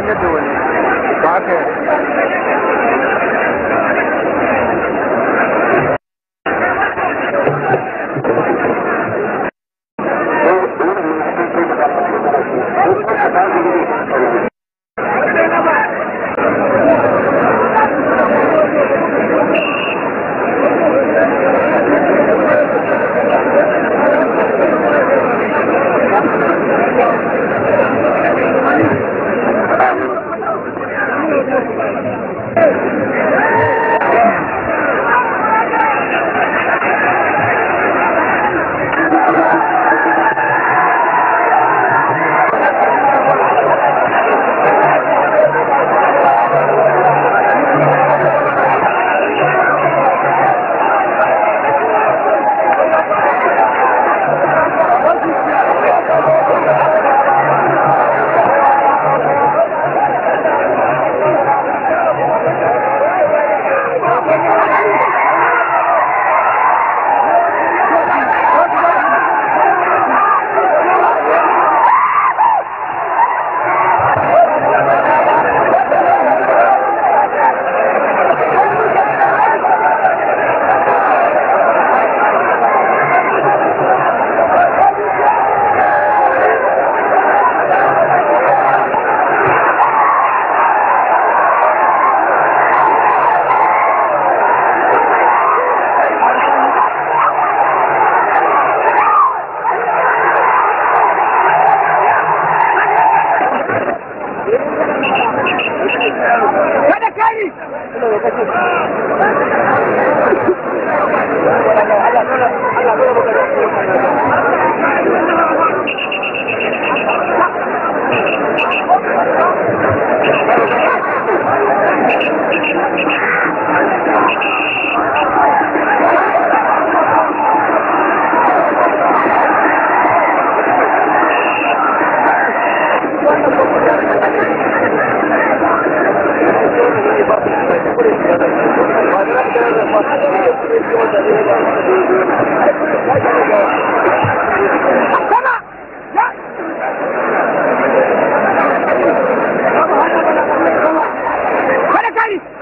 underdoing it. Parker. Come on! Come on!